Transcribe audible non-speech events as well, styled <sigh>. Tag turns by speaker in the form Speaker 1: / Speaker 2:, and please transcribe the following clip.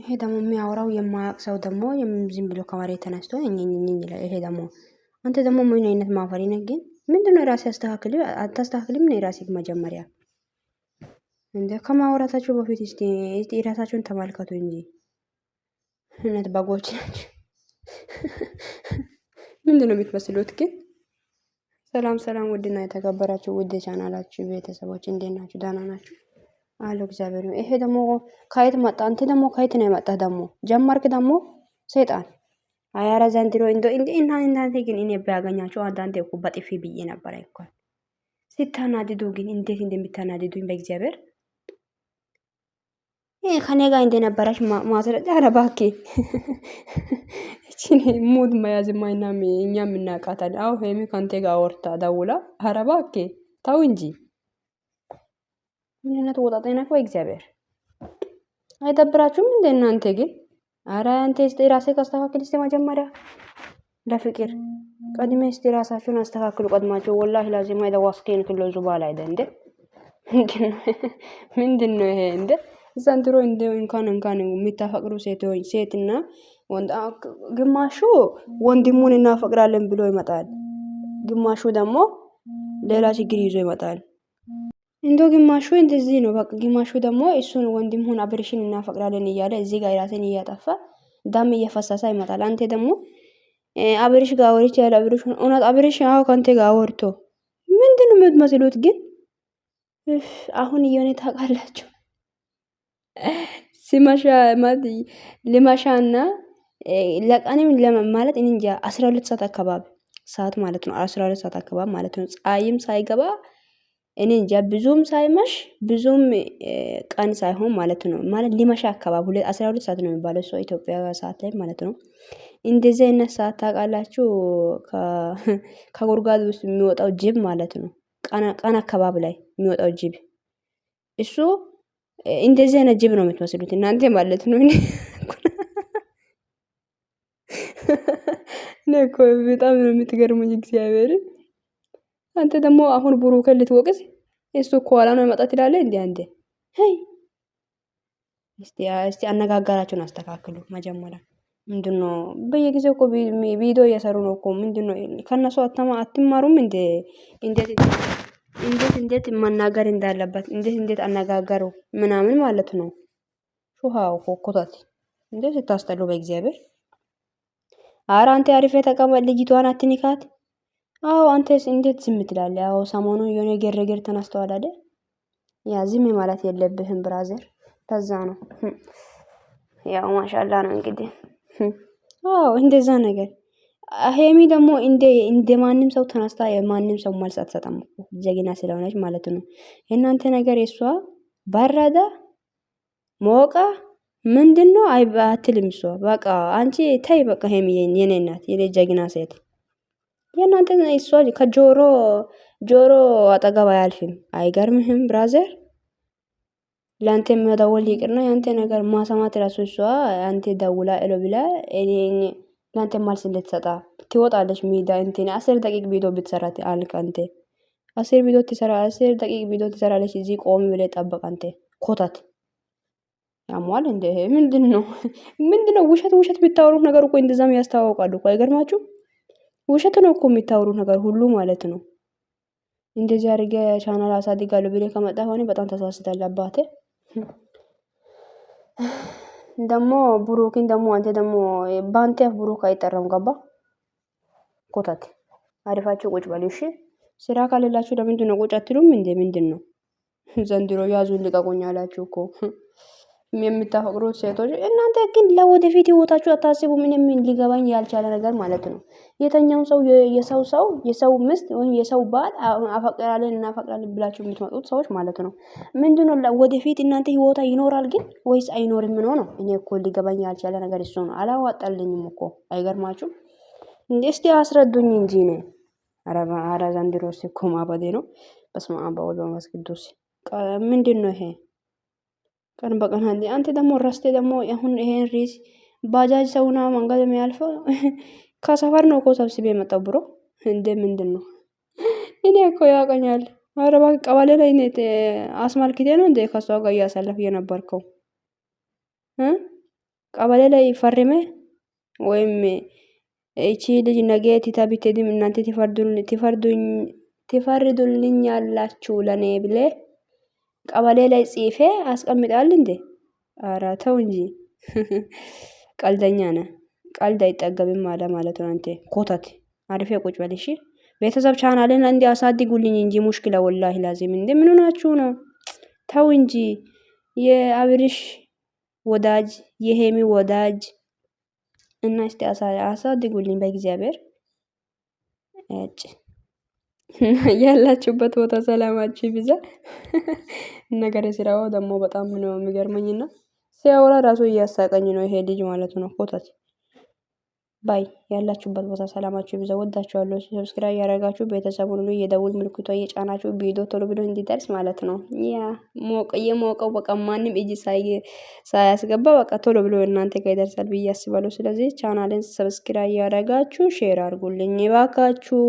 Speaker 1: ይሄ ደግሞ የሚያወራው የማያውቅ ሰው ደግሞ ዝም ብሎ ከመሬት ተነስቶ ይላል። ይሄ ደግሞ አንተ ደግሞ ምን አይነት ማፈሪ ነህ? ግን ምንድነው የራሴ አስተካክል አታስተካክልም ነው የራሴ መጀመሪያ እንደ ከማውራታቸው በፊት ስ የራሳቸውን ተመልከቱ እንጂ እውነት በጎች ናቸው። <laughs> ነው የምትመስሉት ግን? ሰላም ሰላም፣ ውድና የተከበራችሁ ውድ ቻናላችሁ ቤተሰቦች እንዴት ናችሁ? ደህና ናችሁ? አለው እግዚአብሔር። ይሄ ደግሞ ከየት መጣ? አንተ ደግሞ ከየት ነው የመጣ? ደግሞ ጀመርክ ደግሞ ሰይጣን። አያረ ዘንድሮ እንዶ እንዴ እና እናንተ ግን እኔ ባያገኛቸው አንዳንዴ እኮ በጥፊ ብዬ ነበር እኮ። ሲታናድዱ ግን እንዴት እንደሚታናድዱኝ በእግዚአብሔር። ይሄ ከኔ ጋር እንደነበረሽ ማስረጃ አረባኪ እባክህ እቺን ሙድ መያዝ ማይናም እኛ የምናውቃታል። አዎ ሄሚ ከአንተ ጋር ወርታ ደውላ አረባኪ እባክህ ተው እንጂ ምንነት ወጣ ወጣጤ እግዚአብሔር! አይደብራችሁም እንደ እናንተ ግን? አረ አንተ እስቲ ራስህ አስተካክል እስቲ መጀመሪያ ለፍቅር ቀድሜ እስቲ ራሳችሁን አስተካክሉ። ቀድማችሁ ወላሂ ላዚም አይደዋስከን ክሎ ዙባላ አይደ እንደ ምንድን ነው ይሄ እንደ ዘንድሮ እንደ እንኳን እንኳን የሚታፈቅሩ ሴቶች ሴትና ግማሹ ወንድሙን እናፈቅራለን ብሎ ይመጣል፣ ግማሹ ደግሞ ሌላ ችግር ይዞ ይመጣል። እንዶ ግማሹ እንደዚህ ነው በቃ ግማሹ ደግሞ እሱን ወንድም ወንድምሁን አብሬሽን እናፈቅዳለን እያለ እዚህ ጋር ራሴን እያጠፋ ዳም እየፈሰሰ ይመጣል። አንተ ደግሞ አብሬሽ ጋር ወርቼ ያለ አብሬሽ እውነት አብሬሽ አዎ ከአንተ ጋር ወርቶ ምንድን ነው የምትመስሉት ግን? አሁን እየሆነ ታውቃላችሁ ሲመሻ ማለት ልመሻና ለቀንም ማለት እንጃ አስራ ሁለት ሰዓት አካባቢ ሰዓት ማለት ነው አስራ ሁለት ሰዓት አካባቢ ማለት ነው ፀሐይም ሳይገባ እኔ እንጃ ብዙም ሳይመሽ ብዙም ቀን ሳይሆን ማለት ነው ማለት ሊመሻ አካባቢ ሁለት አስራ ሁለት ሰዓት ነው የሚባለው ሰው ኢትዮጵያ ሰዓት ላይ ማለት ነው። እንደዚህ አይነት ሰዓት ታውቃላችሁ? ከጉድጓድ ውስጥ የሚወጣው ጅብ ማለት ነው። ቀን አካባቢ ላይ የሚወጣው ጅብ እሱ እንደዚህ አይነት ጅብ ነው የምትመስሉት እናንተ ማለት ነው። እኔ እኮ በጣም ነው የምትገርሙኝ እግዚአብሔርን አንተ ደግሞ አሁን ብሩክን ልትወቅስ እሱ ከኋላ ነው መጣት ይላለ። እንዲ አንዴ ሄይ፣ እስቲ አነጋጋራችሁን አስተካክሉ። መጀመሪያ ምንድነው በየጊዜው እኮ ቪዲዮ እየሰሩ ነው እኮ። ምንድን ከነሱ አትማሩም? እንዴት እንዴት መናገር እንዳለበት እንዴት እንዴት አነጋገሩ ምናምን ማለት ነው። ሹሃ ኮኮታት እንዴት ስታስጠሉ በእግዚአብሔር። አረ አንተ አሪፌ ተቀመጥ፣ ልጅቷን አትንካት። አዎ አንተስ እንዴት ዝም ትላለህ? አዎ ሰሞኑን የሆነ ገረገር ተነስተዋል አይደል? ያ ዝም ማለት የለብህም ብራዘር ለዛ ነው። ያው ማሻላ ነው እንግዲህ። አዎ እንደዛ ነገር ሄሚ ደግሞ እንደ እንደ ማንም ሰው ተነስታ የማንም ሰው መልስ አትሰጠም እኮ ጀግና ስለሆነች ማለት ነው። የእናንተ ነገር የሷ በረደ ሞቀ ምንድነው አትልም እሷ። በቃ አንቺ ተይ በቃ ሄሚ የኔ እናት የኔ ጀግና ሴት የእናንተ እሷ ከጆሮ ጆሮ አጠገብ አያልፍም። አይገርምህም ብራዘር? ለአንተ መደወል ይቅርና የአንተ ነገር ማሰማት ራሱ እሷ አንተ ደውላ እሎ ብላ ለአንተ ማልስ እንድትሰጣ ትወጣለች። ሚዳ እንትን አስር ደቂቅ ቢዶ ብትሰራት አልክ አንተ አስር ቢዶ ትሰራ አስር ደቂቅ ቢዶ ትሰራለች። እዚህ ቆም ብለ ጠበቅ አንተ ኮታት ያሟል እንደ ምንድን ነው ምንድን ነው ውሸት ውሸት ብታወሩት ነገር እኮ እንደዛም ያስታወቃሉ እኮ አይገርማችሁ? ውሸት ነው እኮ የሚታወሩ ነገር ሁሉ ማለት ነው። እንደዚህ አድርገ ቻናል አሳድጋለሁ ብለህ ከመጣ ሆነ በጣም ተሳስታል አባቴ። ደግሞ ብሩክን ደግሞ አንተ ደግሞ በአንተ ብሩክ አይጠራም። ገባ ኮታት አሪፋችሁ ቁጭ በሉ እሺ። ስራ ካሌላችሁ ለምንድን ነው ቁጭ አትሉም? እንዴ? ምንድን ነው ዘንድሮ ያዙን ልቀቁኝ አላችሁ እኮ የምታፈቅሩት ሴቶች እናንተ ግን ለወደፊት ህይወታችሁ አታስቡ። ምንም ሊገባኝ ያልቻለ ነገር ማለት ነው። የተኛው ሰው የሰው ሰው የሰው ምስት ወይም የሰው ባል አፈቅራለን እናፈቅራለን ብላችሁ የምትመጡት ሰዎች ማለት ነው። ምንድን ወደፊት እናንተ ህይወታ ይኖራል ግን ወይስ አይኖርም ነው ነው። እኔ እኮ ሊገባኝ ያልቻለ ነገር እሱ ነው። አላዋጣልኝም እኮ አይገርማችሁም? እንዴ እስቲ አስረዱኝ እንጂ ነ አረ ዘንድሮስ እኮ ማበዴ ነው። በስመ አብ ወወልድ ወመንፈስ ቅዱስ ምንድን ነው ይሄ? ቀን በቀን አንዴ አንተ ደግሞ ረስቴ ደግሞ አሁን ይሄን ሪስ ባጃጅ ሰውና መንገድ የሚያልፈው <laughs> ከሰፈር ነው እኮ ሰብስቤ የመጣው ብሮ እንደ ምንድን ነው? <laughs> እኔ እኮ ያቀኛል አረባ ቀበሌ ላይ አስመልክቴ ነው እንደ ከሷ ጋር እያሳለፍ የነበርከው ቀበሌ ላይ ፈርሜ ወይም እቺ ልጅ ነገ ቲታቢቴድም እናንተ ቲፈርዱልኝ ያላችሁ ለእኔ ብሌ ቀበሌ ላይ ጽፌ አስቀምጣል እንዴ? አረ ተው እንጂ <laughs> ቀልደኛ ነ ቀልድ አይጠገብም አለ ማለት ነው። አንቴ ኮተት አሪፌ ቁጭ በል እሺ። ቤተሰብ ቻናልን እንዲ አሳድጉልኝ እንጂ ሙሽክለ ወላሂ ላዚም እንዴ ምን ሆናችሁ ነው? ተው እንጂ የአብርሽ ወዳጅ የሄሚ ወዳጅ እና እስቲ አሳድጉልኝ በእግዚአብሔር እጭ <laughs> ያላችሁበት ቦታ ሰላማችሁ ይብዛ። ነገር <laughs> ስራው ደግሞ በጣም ነው የሚገርመኝና ሲያወራ ራሱ እያሳቀኝ ነው ይሄ ልጅ ማለት ነው። ኮተት ባይ ያላችሁበት ቦታ ሰላማችሁ ይብዛ። ወዳችኋለሁ። ሰብስክራይብ ያደረጋችሁ ቤተሰቡን ሁሉ የደውል ምልክቷ እየጫናችሁ ቪዲዮ ቶሎ ብሎ እንዲደርስ ማለት ነው። ያ ሞቀ የሞቀው በቃ ማንም እጅ ሳያስገባ በቃ ቶሎ ብሎ እናንተ ጋር ይደርሳል ብዬ አስባለሁ። ስለዚህ ቻናልን ሰብስክራይብ ያደረጋችሁ ሼር አድርጉልኝ እባካችሁ።